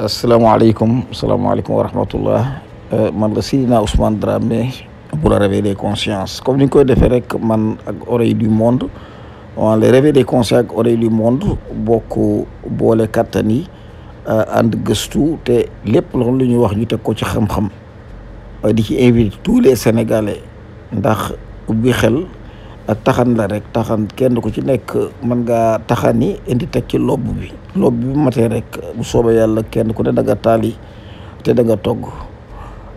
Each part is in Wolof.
asalaamaaleykum asalaamaaleykum wa rahmatullah euh, man la Sidina Ousmane Dramé pour réveiller des consciences comme ni ñu koy defee rek man ak oreille du monde on le ak oreille du monde bokk boole kattan yi euh, ànd gëstu te lépp loolu lu ñuy wax ñu teg ko ci xam-xam di ci invité tous les sénégalais ndax ubbi xel. taxan la rek taxan kenn ku ci nek man nga taxani indi tek ci lobb bi lobb bi bu rek bu soba yalla kenn ku ne da nga tali te da nga togg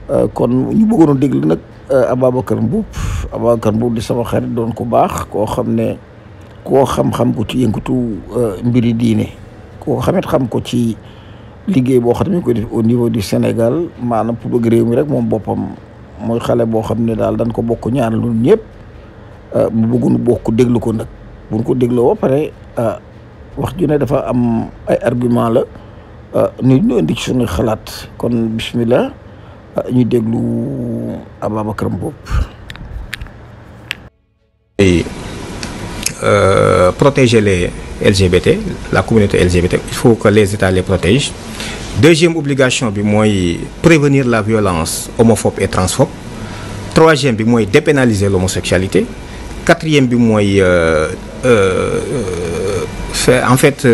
euh, kon ñu bëggoon a déglu nag euh, Ababacar Mboup Ababacar Mboup di sama xarit doon ku baax ko xam ne xam-xam ko ci yëngatu euh, mbiri diine ko xamet xam ko ci liggéey bo xamni ko def au niveau du Sénégal manam pour bëgg réew mi rek mom bopam moy xalé bo ne dañ ko bokku ñaan lu ñepp Euh, mu ne bokk déglu ko nag buñ ko dégloo ba pare euh, wax ju ne dafa am ay argument la euh, nit ñu indi ci suñu xalaat kon bismillah ñu déglu Ababacar Euh, protéger les LGBT, la communauté LGBT, il faut que les États les protègent. Deuxième obligation, prévenir la violence homophobe et transphobe. Troisième, dépénaliser l'homosexualité quatrième bi mooy c'est euh, euh, euh, en fait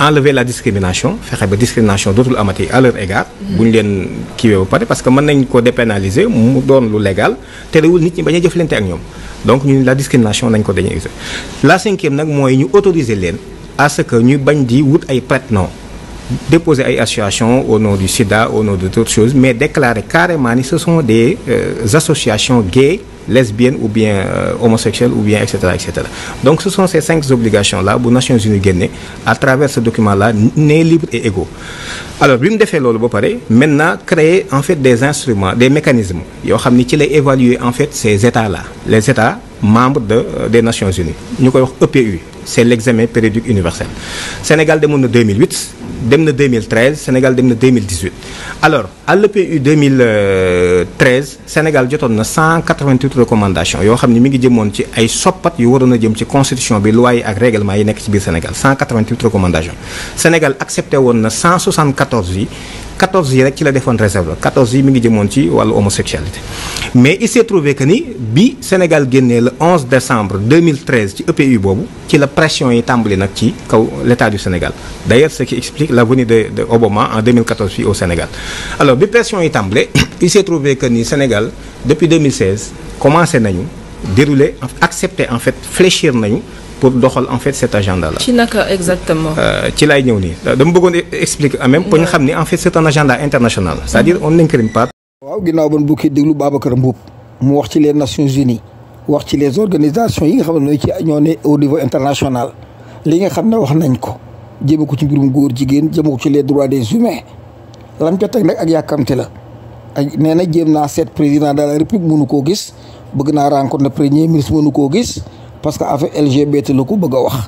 enlever la discrimination fexe ba discrimination dootul amati à leur égard. Mm-hmm. bu ñu leen kiiwee parce que mën nañ ko dépénaliser mu donne lu légal terewul nit ñi bañ a jëflante ak ñoom donc ñu la discrimination nañ ko dañuy utile. la cinquième nag mooy ñu autoriser leen à ce que ñu bañ di wut ay prête-noms déposer une association au nom du sida au nom de d'autres choses mais déclarer carrément que ce sont des euh, associations gays lesbiennes ou bien euh, homosexuelles ou bien etc etc donc ce sont ces cinq obligations là les Nations Unies guinée à travers ce document là né libre et égaux alors l'une des faits maintenant créer en fait des instruments des mécanismes il xam évaluer en fait ces états là les états membres de euh, des Nations Unies Nous avons l'EPU, c'est l'examen périodique universel Sénégal demande 2008 dem na 2013 Sénégal dem na 2018 alors à l'EPU 2013 Sénégal a 188 recommandations Il y constitution loi Sénégal 188 recommandations Sénégal accepté 174 14 yi la réserve 14 yi mi ngi mais il s'est trouvé que ni le 11 décembre 2013 ci EPU la pression est tombée l'état du Sénégal D'ailleurs, ce qui explique la venue de Obama en 2014 au Sénégal alors alors dépression pression yi il s'est trouvé que ni Sénégal depuis 2016 commencé à dérouler accepter en fait fléchir pour doxal en fait cet agenda là. ci naka exactement. Euh, ci laay ñëw nii dama bëggone expliquer même pour ñu xamni en fait c'est un agenda international c'est-à-dire on n'incrime pas. waaw ginnaaw ban ki déglu Babacar Mboup mu wax ci les Nations Unies wax ci les organisations yi nga ci au niveau international li nga ne wax nañ ko jëme ci mbirum goor jigen, ci les droits des humains. lam ca teg nag ak yàkkamte la ak nee na jéem naa seet président de la république mënu koo gis bëgg naa rencontre premier ministre mënu koo gis parce que affaire LGBT la ko bëgg a wax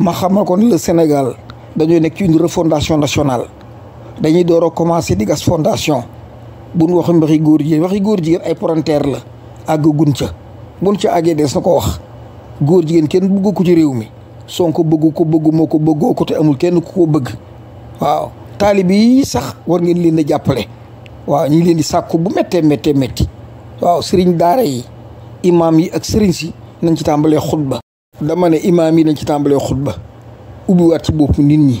ma xam ko kon le Sénégal dañoo nekk ci une refondation nationale dañuy door a commencé di gas fondation bu nu waxee waxi góor jigéen waxi góor jigéen ay parenthèse la àgg gun ca bun ci àggee des na ko wax góor jigéen kenn bëggu ko ci réew mi Sonko bëggu ko bëggu ko bëggoo ko te amul kenn ku ko bëgg waaw taalib yi sax war ngeen leen a jàppale waaw ñu leen di sàkku bu méttee méttee metti waaw sëriñ daara yi imaam yi ak sëriñ si nañ ci tàmbalee xutba dama ne imaam yi nañ ci tàmbalee xutba ubbiwaat ci bopp nit ñi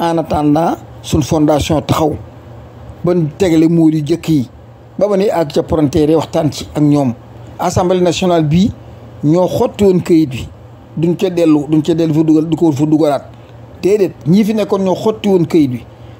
en attendant suñ fondation taxaw ba ban tegale muur yu jëkk yi ba ba ne ak ca waxtaan ci ak ñoom assemblée nationale bi ñoo xotti woon këyit bi duñ ca dellu duñ ca dellu fa dugal du ko fa dugalaat ñii fi nekkoon ñoo xotti woon këyit bi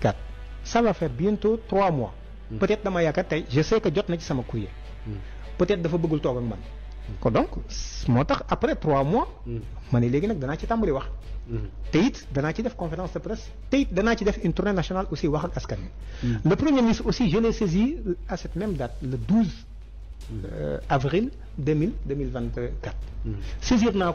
4 ça va faire bientôt 3 mois. Hmm. peut-être dama yaakaar tey je sais que jot na ci sama courrier. Hmm. peut-être dafa bëggul toog ak man. Hmm. donc moo après 3 mois. ma ne léegi nag danaa ci tàmbali wax. te it danaa ci def conférence de presse te it danaa ci def une tournée nationale aussi wax ak askan wi. le premier ministre aussi je l'ai saisi à cette même date le 12. Euh, avril 2000 2024. saisir naa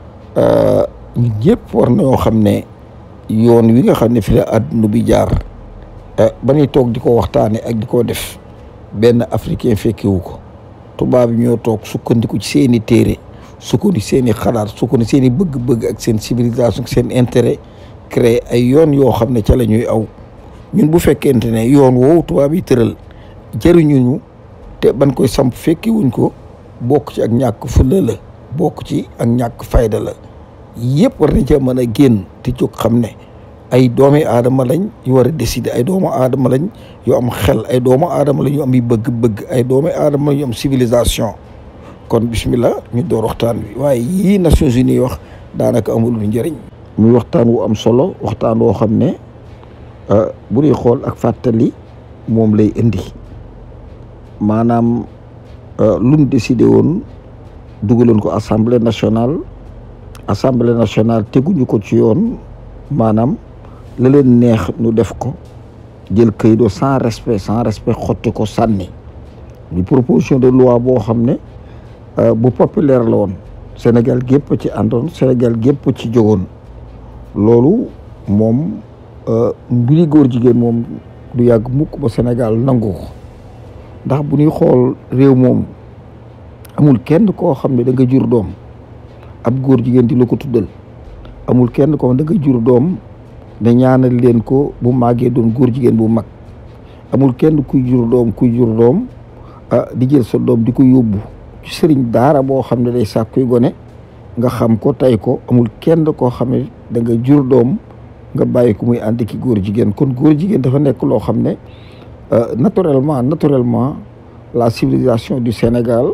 Euh, ñëpp war nañoo xam ne yoon wi nga xam ne fi la adduna bi jaar ba toog di ko waxtaanee ak di ko def benn africain fekkewu ko tubaab ñoo toog sukkandiku ci seen i téere sukkandiku seen seeni xalaat sukkandiku seen i bëgg-bëgg ak seen civilisation seen intérêt créer ay yoon yoo xam ne ca la aw ñun bu fekkente ne yoon woowu tubaab yi tëral ñu te ban koy samp fekkewuñ ko bokk ci ak ñàkk fulla la bokk ci ak ñàkk fayda la yëpp war nañ cee mën a génn te jóg xam ne ay doome adama lañ yu war a ay doomu aadama lañ yu am xel ay doomu aadama lañ yu am yi bëgg-bëgg ay doomi aadama yu am civilisation kon bismillah ñu door waxtaan bi waaye yii Nations Unies wax daanaka amul lu njëriñ muy waxtaan wu am solo waxtaan woo xam ne euh, bu ñuy xool ak fàttali moom lay indi maanaam euh, luñ décidé woon dugaloon ko assemblée nationale assemblée nationale teguñu ko ci woon maanaam la leen neex nu def ko jël këydo sans respect sans respect xotti ko sànni ñu proposition de loi boo xam ne euh, bu populaire la woon Sénégal gépp ci àndoon Sénégal gépp ci jógoon loolu moom euh, mbiri góor jigéen moom du yàgg mukk ba Sénégal nangu ndax bu ñuy xool réew moom amul kenn koo xam ne da jur doom ab góor jigéen di la ko tuddal amul kenn koo xam jur doom ne ñaanal leen ko bu màggee doom góor jigéen bu mag amul kenn kuy jur doom kuy jur doom ah di jël sa doom di ko yóbbu ci daara boo xam ne day sàkkuy gone nga xam ko tay ko amul kenn koo xam ne da nga jur doom nga bàyyi ko muy ànd ki góor jigéen kon góor jigéen dafa nekk loo xam ne ah, naturellement naturellement la civilisation du Sénégal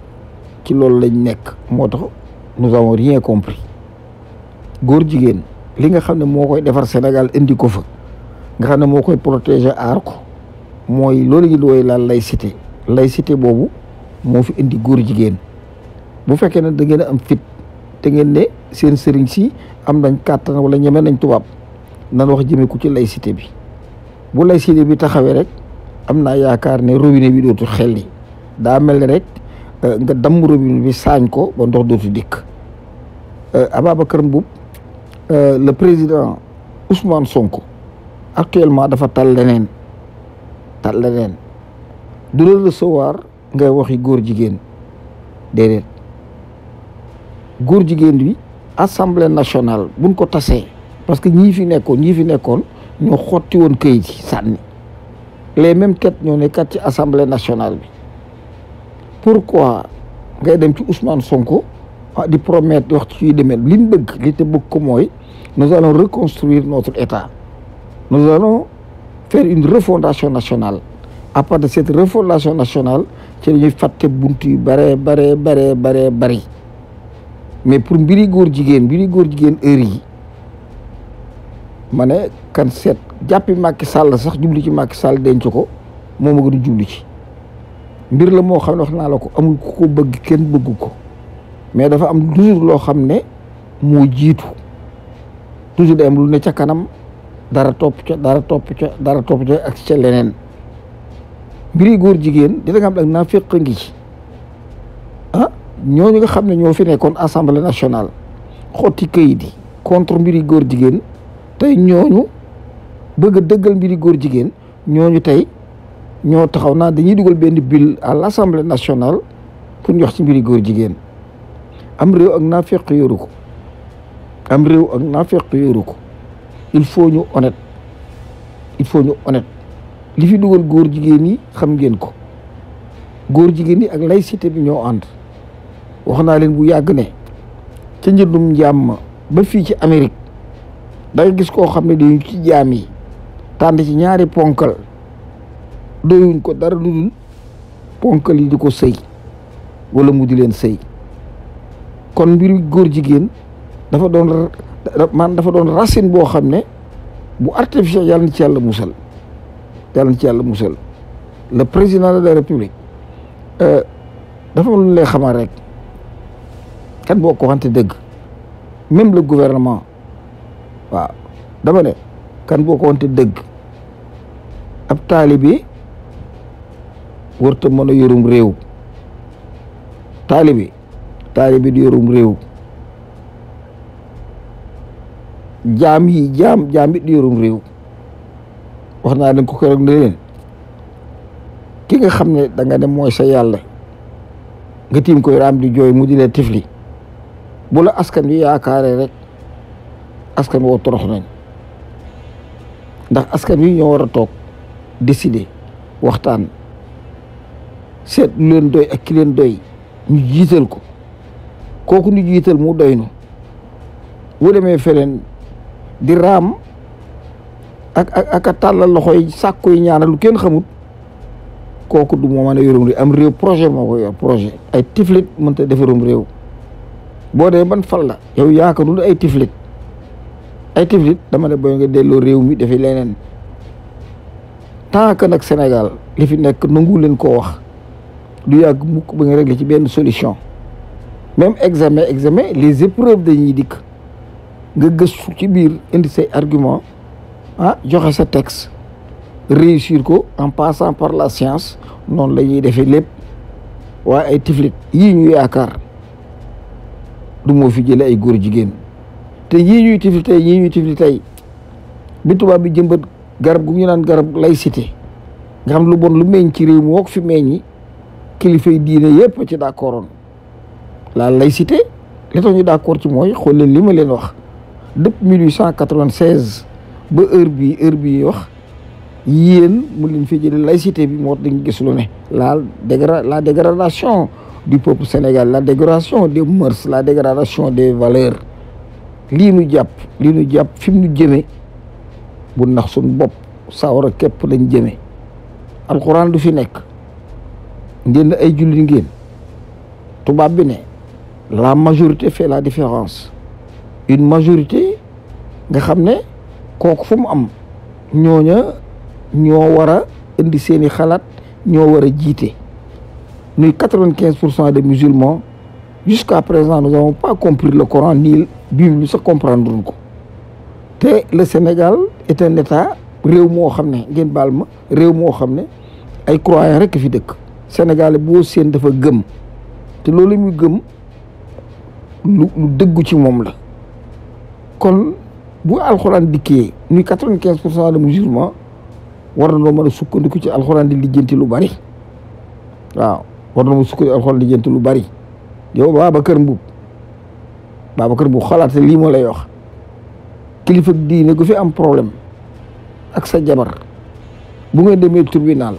ci loolu lañ nekk moo tax nous avons rien compris góor jigéen li nga xam ne moo koy defar Sénégal indi ko fa nga xam ne moo koy protéger aar ko mooy loolu gi lay la lay laïcité boobu moo fi indi góor jigéen bu fekkee ne da ngeen a am fit te ngeen ne seen sëriñ si am nañ kàttan wala ñeme nañ tubaab nan wax jëmee ko ci laïcité bi bu laïcité bi taxawee rek am naa yaakaar ne robinet bi dootul xel li daa mel ne rek Euh, nga bi ko ndox euh, euh, le président Ousmane Sonko actuellement dafa tal leneen tal leneen du la recevoir ngay waxi góor jigéen déedéet góor jigéen bi assemblée nationale buñ ko parce que ñii fi nekkoon ñii fi les mêmes têtes ñoo nekkat ci nationale pourquoi ngay dem ci Ousmane Sonko ah di promettre wax ci demé li bëgg li te bëgg ko moy nous allons reconstruire notre état nous allons faire une refondation nationale à part de cette refondation nationale ci ñu faté fàtte bunt yu bare bare bare bare bare mais pour mbiri góor jigen mbiri góor jigen heure yi mané kan set jappi Macky Sall sax jublu ci Macky Sall denc ko moom gënu gën ci mbir la moo xam ne wax naa la ko amul ko bëgg kenn bëgg ko mais dafa am toujours loo xam ne moo jiitu toujours day am lu ca kanam dara topp ca topp ca dara topp ca ak ca leneen mbiri góor jigéen dina nga am ak naa féq ngi ci ah ñooñu nga xam ne ñoo fi nekkoon assemblée nationale xotti kayit yi contre mbiri góor jigéen tey ñooñu bëgg dëggal mbiri góor jigéen ñooñu tey ñoo taxaw naa dañuy dugal benn bill à l' assemblée nationale pour ñu wax ci mbiri góor jigéen am réew ak naafeq yoru ko am réew ak naafeq yoru il faut ñu onet il faut ñu honnête li fi dugal góor jigéen yi xam ngeen ko góor jigéen yi ak laïcité bi ñoo ànd wax naa leen bu yàgg ne ca njëndum njàmm ba fii ci Amérique da gis koo xam ne dañu ci jaam yi tànn ci ñaari ponkal doyuñ ko dara lu dul ponkal di ko sëy wala mu di leen sëy kon mbir góor jigéen dafa doon man dafa doon racine boo xam ne bu artificiel yàlla na ci yàlla musal na ci yàlla musal le président de la république euh, dafa lu ñu lay rek kan boo ko waxante dëgg même le gouvernement waaw dama ne kan boo ko waxante dëgg ab taalibe warta mën a réew taalibi taalibi di yorum réew jaam yi jaam jaam it di yorum réew wax naa leen ko keroog ne ki nga xam ne danga nga mooy sa yàlla nga tiim koy raam di jooy mu di leen tifli bu askan wi yaakaaree rek askan woo torox nañ ndax askan wi ñoo war a toog décider waxtaan seet lu leen doy ak kileen leen doy ñu jiital ko kooku ñu jiital mu doy nu boo demee feneen di raam ak ak ak a tàllal loxo yi sàkku yi ñaanal lu kenn xamut kooku du moo mën a yorum réew am réew projet moo ko yor projet ay tiflit mënta defarum réew boo dee man fal la yow yaakaarul ay tiflit ay tiflit dama ne booy nga delloo réew mi dafi leneen tant que nag Sénégal li fi nekk nangu leen koo wax du y a solution même examen examen les épreuves de dik nga gëstu ci biir indi say argument ah joxe sa texte réussir en passant par la science non la ñuy defee lépp waaye ay tiflit yii ñu yaakaar du moo fi ay góor jigéen te yii ñuy tey ñuy bi garab gu ñu naan garab laïcité nga xam lu bon lu ci kilifay diine yépp ci d'accord la laïcité li tax ñu d'accord ci mooy xool li ma leen wax depuis 1896 ba heure bi heure bi wax yéen mu leen fi jëlee laïcité bi moo dañ gis lu ne la dégra la dégradation du peuple sénégal la dégradation des mœurs la dégradation des valeurs lii nu jàpp lii nu jàpp fi mu nu jëmee bu nax suñ bopp sawara képp lañ jëmee alxuraan du fi nekk ngeen ay jullit ngeen tubaab bi ne la majorité fait la différence une majorité nga xam ne kooku fu mu am ñooña ñoo war a indi seeni xalaat ñoo war a jiite ñuy quatre pour des musulmans jusqu'à présent nous n'avons pas compris le Coran ni Bible bi sax comprendre ko te le Sénégal est un état réew moo xam ne ngeen baal ma réew moo xam ay croyant rek fi dëkk Sénégalais boo seen dafa gëm te loolu mu gëm lu dëggu ci moom la kon bu alxuraan dikkee ñuy quatre-vingt-quinze pour cent de musulman war na loo mën a sukkandiku ci alxuraan di lijjanti lu bari waaw war na ma sukkandiku alxuraan di lijjanti lu bari yow Babacar Mboup Babacar Mboup xalaat lii moo la wax kilifa diine gu fi am problème ak sa jabar bu ngeen demee tribunal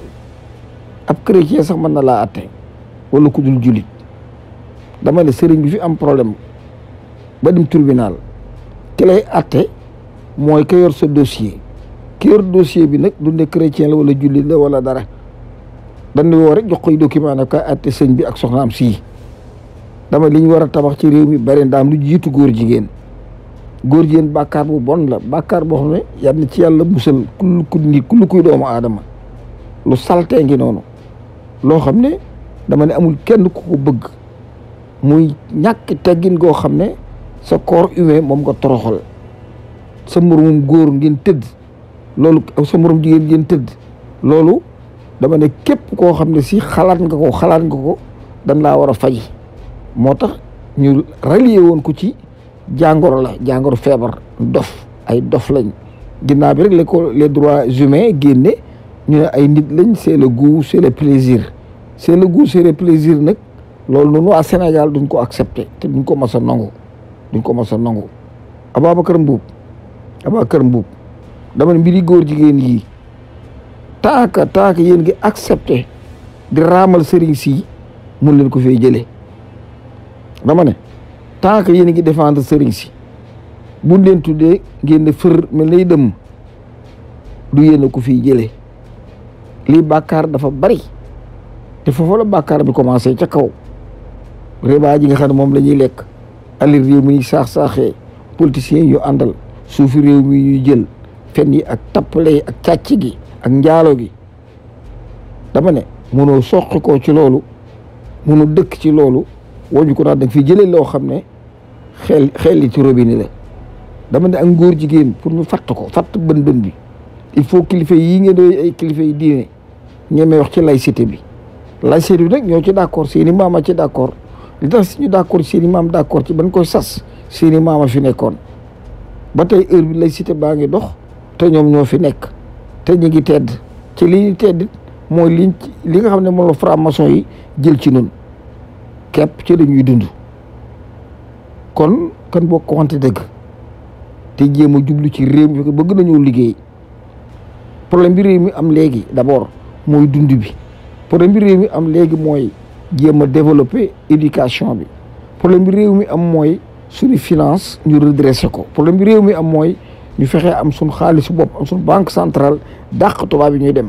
ab chrétien sax mën na laa atte wala ku dul jullit dama ne sëriñ bi fi am problème ba dem tribunal ki lay mooy ka yor sa dossier ki yor dossier bi nag du ne chrétien la wala jullit la wala dara dañu woo rek jox koy document ne ko sëñ bi ak soxna am sii dama li ñu war a tabax ci réew mi bari ndaam lu jiitu góor jigéen góor jigéen bàkkaar bu bon la bàkkaar boo xam ne yal ci yàlla musal ku ku ku lu doomu aadama lu saltee ngi noonu loo xam ne dama ne amul kenn ku ko bëgg muy ñàkk teggin goo xam ne sa corps humain moom nga toroxal sa moromum góor ngeen tëdd loolu sa morom jigéen ngeen tëdd loolu dama ne képp koo xam ne si xalaat nga ko xalaat nga ko dan laa war a fay moo tax ñu relier woon ko ci jàngoro la jàngoro feebar dof ay dof lañ ginnaaw bi rek la ko les droits humains génne ñu ne ay nit lañ c'est le goût c'est le plaisir c'est le goût c'est le nag loolu noonu waa Sénégal duñ ko accepté te duñ ko mas a nangu duñ ko mas a nangu Ababacar Mbuub Ababacar Mbuub dama ne mbiri góor jigéen yi taaka taaka yéen ngi accepté di raamal sëriñ si mun leen ko fee jëlee dama ne taaka yéen ngi défendre sëriñ si buñ leen tuddee ngeen ne fër mel nay dem du yéen a fii jëlee lii bàkkaar dafa bari te foofu la bàkkaar bi commencé ca kaw riba ji nga xam ne moom la ñuy lekk alal réew mi ñuy saax-saaxee politiciens yu àndal suufi réew mi ñuy jël fen yi ak tappale yi ak càcc gi ak njaalo gi dama ne mënoo soqi koo ci loolu mënoo dëkk ci loolu woñu ko daal da nga fi jëlee loo xam ne xel xel ci robinet dama ne ak ngóor jigéen pour ñu fatt ko fatt bën bën bi il faut kilifa yi ngeen doy ay kilifa yi diine ñemee wax ci lay laïcité bi laïcité bi nag ñoo ci d'accord seeni maam a ci d'accord li tax ñu d'accord seeni maam d'accord ci ban koy sas seeni maam a fi nekkoon ba tey heure bi laïcité baa ngi dox te ñoom ñoo fi nekk te ñu ngi tedd ci li ñu tedd mooy liñ li nga xam ne moom la franc-maçon yi jël ci nun képp ci dañuy dund kon kan boo ko wante dëgg te jéem a jublu ci réew mi bëgg nañoo liggéey problème bi réew mi am léegi d'abord moy dund bi problème bi mi am léegi moy jéem a développer éducation bi problème bi réew mi am moy suñu finance ñu redresser ko problème bi réew mi am moy ñu fexé am suñu xaalisu bopp am suñu banque centrale dakh tubaab bi ñuy dem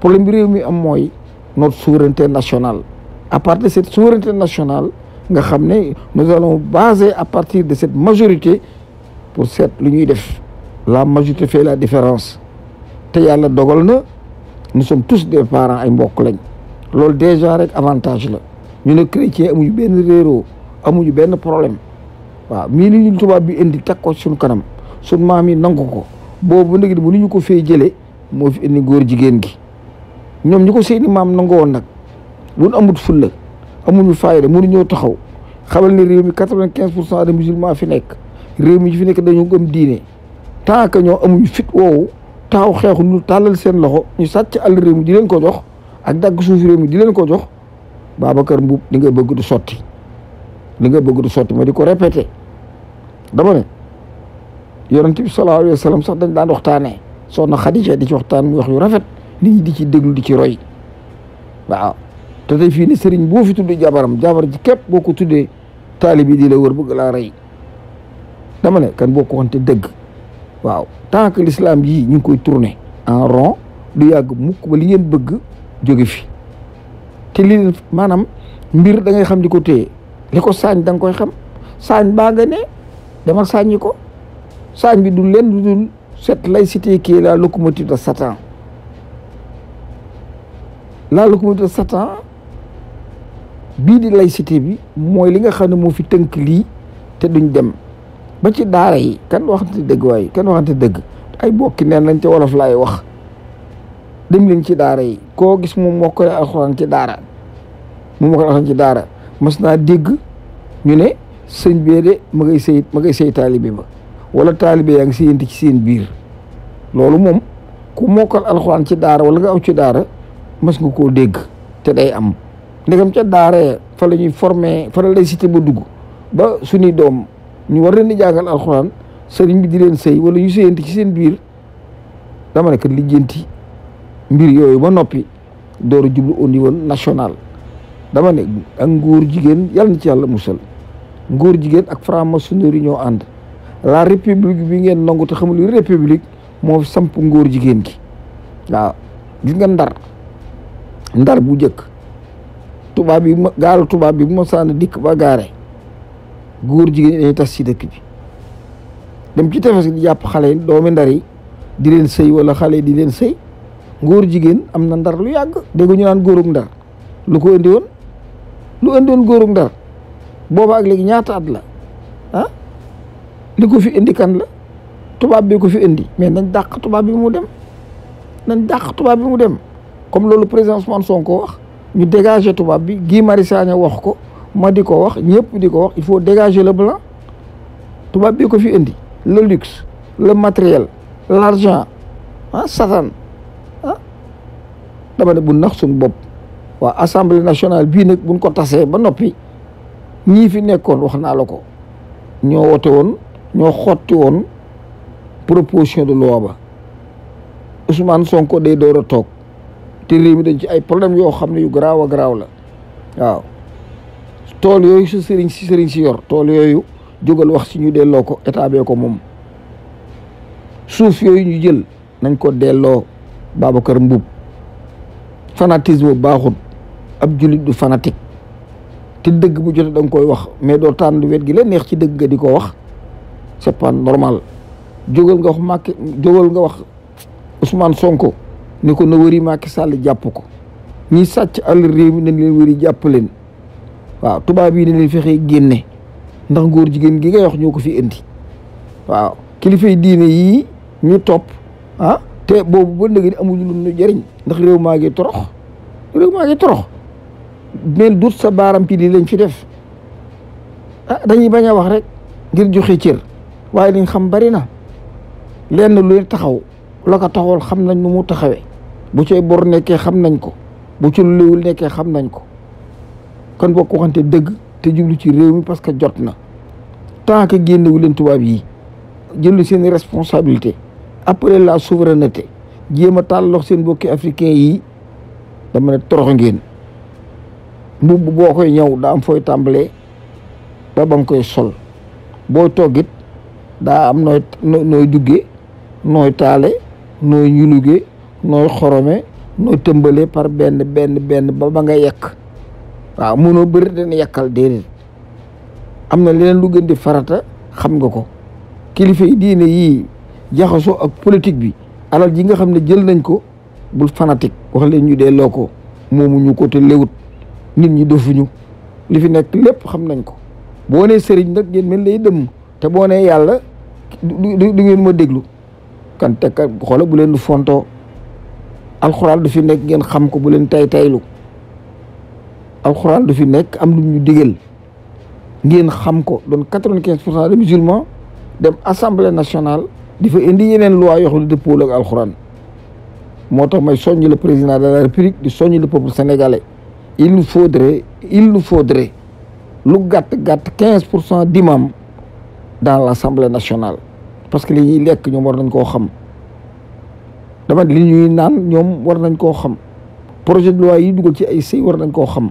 problème bi réew mi am moy notre souveraineté nationale à partir de cette souveraineté nationale nga xamné nous allons baser à partir de cette majorité pour cette lu ñuy def la majorité fait la différence te yalla dogal na nous sommes tous des parents ay mbokk lañ loolu déjà rek avantage la ñu ne chrétien amuñu benn réeroo amuñu benn problème waaw mii ni ñu tubaab bi indi teg ko suñ kanam suñ maam yi nangu ko boobu nag bu nu ñu ko fee jëlee moo fi indi góor jigéen gi ñoom ñu ko seeni maam nangu woon nag bu nu amut fulla amuñu fayda mënuñoo taxaw xamal ne réew mi quatre-vingt-quinze pour cent de musulmans fi nekk réew mi fi nekk dañoo gëm diine tant que ñoo amuñ fit woowu temps wu xeexu ñu tàllal seen loxo ñu sàcc àll réew mi di leen ko jox ak dagg suuf réew mi di leen ko jox Babacar Mboup li nga bëgg di sotti li nga bëgg di sotti ma di ko répété damane ne yonent bi sallallahu alayhi wa sallam sax dañ daan waxtaanee soxna Xadija di ci waxtaan mu wax yu rafet nit ñi di ci déglu di ci roy waaw te tey fii sëriñ boo fi tuddee jabaram jabar ji képp boo ko tuddee taalib yi di la wër bëgg laa rey dama ne kan boo ko wante dëgg waaw tant que l'islam yii ñu ngi koy tourner en rond du yàgg mukk ba li ngeen bëgg jóge fi te li leen maanaam mbir da ngay xam di ko téye li ko saañ da nga koy xam saañ baa nga ne dama saañi ko saañ bi du leen du dul cette laïcité qui est la locomotive de Satan la locomotive de Satan bii di laïcité bi mooy li nga xam ne moo fi tënk lii te duñ dem ba ci daara yi kenn waxante dëgg waaye kenn waxante dëgg ay bokki neen nañ ca wolof laay wax dem leen ci daara yi koo gis moom mokkale alxuraan ci daara moom ci daara mas naa dégg ñu ne sëñ bee de ma ngay ma ngay sëy taalibe ba wala taalibe yaa ci seen biir loolu moom ku mokkal ci daara wala nga aw ci daara mas nga koo dégg te day am ndegam ca daara fa la ñuy formé fa la lay cité ba dugg ba suñuy doom ñu war leen di jàngal alxuraan sëriñ bi di leen sëy wala ñu sëyanti ci seen biir dama ne kat lijjanti mbir yooyu ba noppi door a jublu au niveau national dama ne ak ngóor jigéen yàlla na ci yàlla musal ngóor jigéen ak franc-maçonnerie ñoo ànd la république ngeen nangu te xamul république moo samp ngóor jigéen gi waaw gis nga ndar ndar bu jëkk tubaab bi ma gaalu tubaab bi bu ma saan dikk ba gaare góor jigéen ñi dañuy tas ci dëkk bi dem ci tefes di jàpp xale doomi ndar yi di leen sëy wala xale di leen sëy góor jigéen am na ndar lu yàgg dégg ñu naan góorug ndar lu ko indi woon lu indi woon góorug ndar booba ak léegi ñaata at la ah li ko fi indi kan la tubaab bi ko fi indi mais nañ dàq tubaab bi mu dem nañ dàq tubaab bi mu dem comme loolu président Ousmane Sonko wax ñu dégager tubaab bi Guy Marius Sagna wax ko ma di ko wax ñépp di ko wax il faut dégager le blanc tubaab bi ko fi indi le luxe le matériel l'argent ah satan ah dama ne bu nax suñu bopp waa assemblée nationale bii nag buñ ko tasee ba noppi ñii fi nekkoon wax naa la ko ñoo wote woon ñoo xotti woon proposition de loi ba Ousmane Sonko day door a toog te réew mi dañ ci ay problème yoo xam ne yu garaaw a garaaw la waaw tol yoyu su sëriñ ci sëriñ ci yor tol yoyu jogal wax ci ñu delo ko etabé ko mom suuf yoyu ñu jël nañ ko delo babakar mbub fanatisme baaxut ab julit du fanatique té dëgg bu jotee dang koy wax mais doo du wet gi la neex ci dëgg ga diko ko wax c'est pas normal jogal nga wax mak jogal nga wax Ousmane Sonko ni ko wëri mak Sall japp ko ñi sàcc al rew mi leen wëri japp leen waaw tubaab yi dañ leen fexe génne ndax góor jigéen gi ngay wax ñoo ko fi indi waaw kilifay diine yii ñu topp ah te boobu ba léegi amuñu lu ñu jëriñ ndax réew maa ngi torox réew maa ngi torox mel dut sa baaram ci lii lañ fi def ah dañuy bañ a wax rek ngir joxe cër waaye liñ xam bari na lenn lu leen taxaw la ko xam nañ nu mu taxawee bu cay bor nekkee xam nañ ko bu ci lu nekkee xam nañ ko kon boo ko waxante dëgg te jublu ci réew mi parce que jot na tant que génnewu leen tubaab yi jëlu seen responsabilité après la souveraineté jéem a taal lox seen bokki africain yi dama ne torox ngeen mbubb boo koy ñëw daa am fooy tàmbalee ba ba koy sol boo toggit daa am nooy nooy duggee nooy taale nooy ñulugee nooy xorome nooy tëmbalee par benn benn benn ba ba nga yekk waaw mënoo bëri dana yàkkal déedéet am na leneen lu gën di farata xam nga ko kilifa yi diine yii jaxasoo ak politique bi alal ji nga xam ne jël nañ ko bu fanatique wax leen ñu delloo ko moomu ñu ko te lewut nit ñi dofuñu li fi nekk lépp xam nañ ko boo nee sëriñ nag ngeen mel lay dëmm te boo nee yàlla du du ngeen ma déglu kan te xoola bu leen du fontoo alxuraan du fi nekk ngeen xam ko bu leen tay taylu alquran du fi nek am lu ñu digël ngeen xam ko don 95% vingt de musulmans dem assemblée nationale di fa indi yenen loi yo xam de dëppoo ak alquran motax may soñu le président de la république di soñu le peuple sénégalais il nous faudrait il nous faudrait lu gatt gatt 15% d'imam dans l'assemblée nationale parce que li lek lekk ñoom war nañ ko xam dama li ñuy naan ñom war nañ ko xam projet de loi yi duggal ci ay sey war nañ ko xam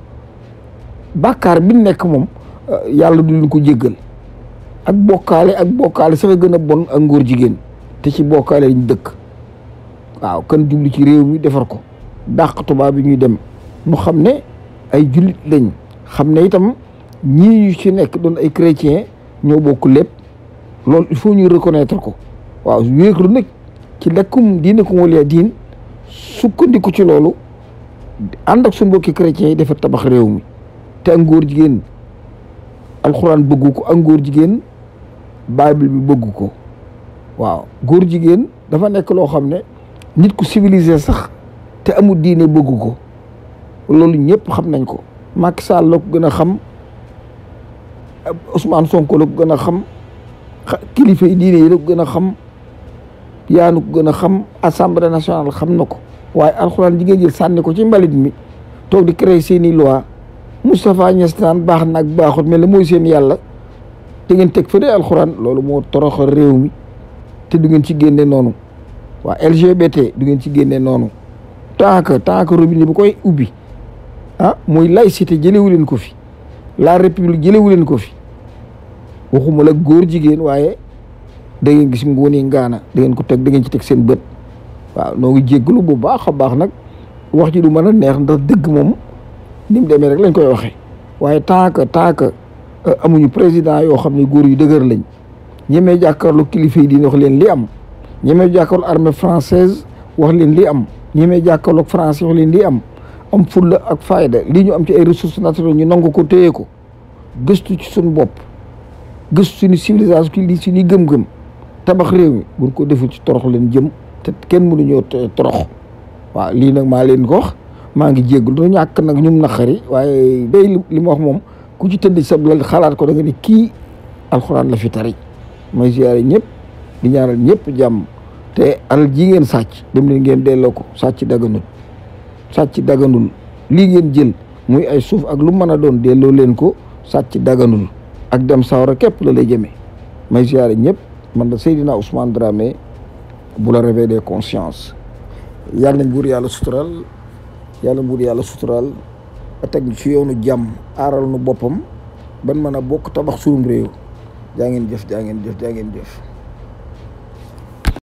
bàkkaar bi nekk moom euh, yàlla du leen ko jéggal ak bokkaale ak bokkaale sax gën a bon ak ngóor jigéen te ci bokkaale lañ dëkk waaw kan jublu ci réew mi defar ko dàq tubaab bi ñuy dem mu xam ne ay jullit lañ xam ne itam ñii ñu ci nekk doon ay chrétien ñoo bokk lépp loolu il faut ñu reconnaître ko waaw wéeklu nag ci lekkum diine ko wala diin sukkandiku ci loolu ànd ak suñu mbokki chrétiens yi defar tabax réew mi te ak ngóor jigéen alxuraan bëggu ko ak ngóor jigéen bible bi bëggu ko waaw góor jigéen dafa nekk loo xam ne nit ku civilisé sax te amul diine bëggu ko loolu ñépp xam nañ ko Macky Sall la ko gën a xam Ousmane Sonko la gën a xam kilifa yi diine yi la gën a xam yaanu ko gën a xam assemblée nationale xam na ko waaye alxuraan jigéen jël sànni ko ci mbalit mi toog di créer seeni loi Moustapha Niass naan baax nag ak baaxut mais mooy seen yàlla te ngeen teg fële alxuraan loolu moo toroxal réew mi te du ngeen ci génne noonu waa LGBT du ngeen ci génne noonu tant que tant que robinet bu koy ubbi ah mooy lay laïcité jëlewu leen ko fi la république jëlewu leen ko fi waxuma la góor jigéen waaye da ngeen gis nguun yi ngaana da ngeen ko teg da ngeen ci teg seen bët waaw noo ngi jéggalu bu baax a baax nag wax ji du mën a neex ndax dëgg moom ni mu demee rek lañ koy waxee waaye tant que euh, amuñu président yoo xam ne góor yu dëgër lañ ñemee jàkkarlook kilifa yi di wax leen li am ñemee jàkkaarlu armée française wax leen li am ñemee jàkkaarlu français wax leen li am am fulla ak fayda li ñu am ci ay ressources naturelles ñu nangu ko téye ko gëstu ci suñu bopp gëstu suñu civilisation li suñuy gëm-gëm tabax réew mi buñ ko deful ci torox leen jëm te kenn mënuñoo torox waaw lii nag maa leen ko wax ma ngi jéggul do ñak nak ñum xari waye day li ma wax mom ku ci tëdd sa lal xalaat ko da nga ni ki alquran la fi tari may ziaré ñëpp di ñaanal ñëpp jam te al ji ngeen sacc dem leen ngeen délo ko sacc daganul sacc daganul li ngeen jël muy ay suuf ak lu mëna doon délo leen ko sacc daganul ak dem sawra képp la lay jëmé may ziaré ñëpp man da sayidina Ousmane Dramé bu la révéler conscience yalla nañ buur sutural yàlla mbuur yàlla suturaal teg ñu ci yoonu jàmm aaral nu boppam ban mën a bokk tabax sunum réew jaa ngeen jëf jaa ngeen jëf jaa ngeen jëf